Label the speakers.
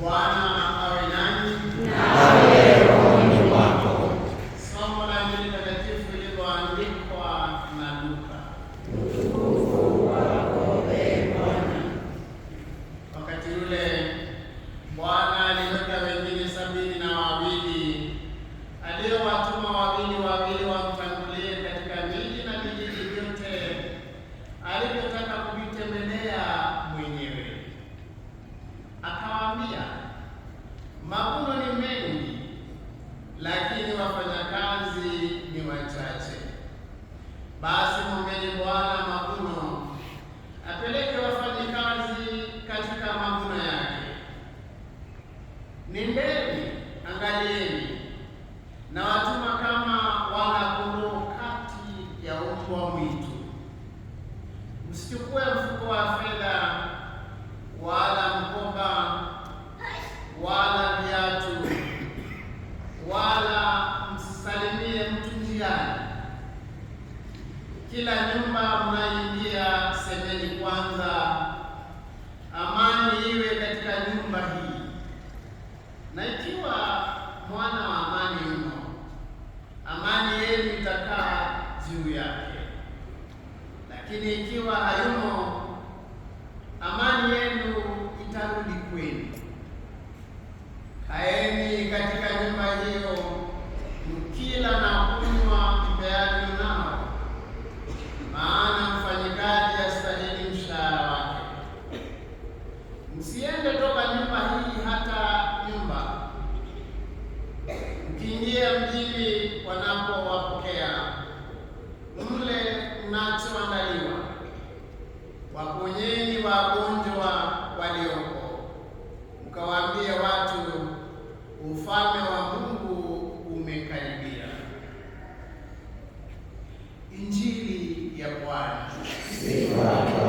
Speaker 1: Bwana lakini wafanyakazi ni wachache. Basi mwombeni Bwana mavuno apeleke wafanyakazi katika mavuno yake. Nendeni, angalieni, na watuma kama wana kati ya mbwa mwitu. Msichukue Kila nyumba mnayoingia semeni kwanza, amani iwe katika nyumba hii. Na ikiwa mwana wa amani mno, amani yenu itakaa juu yake, lakini ikiwa hayumo kuingia mjini wanapowapokea, mle mnachoandaliwa, waponyeni wagonjwa walioko, mkawaambie watu, ufalme wa Mungu umekaribia. Injili ya
Speaker 2: Bwana. Sifa.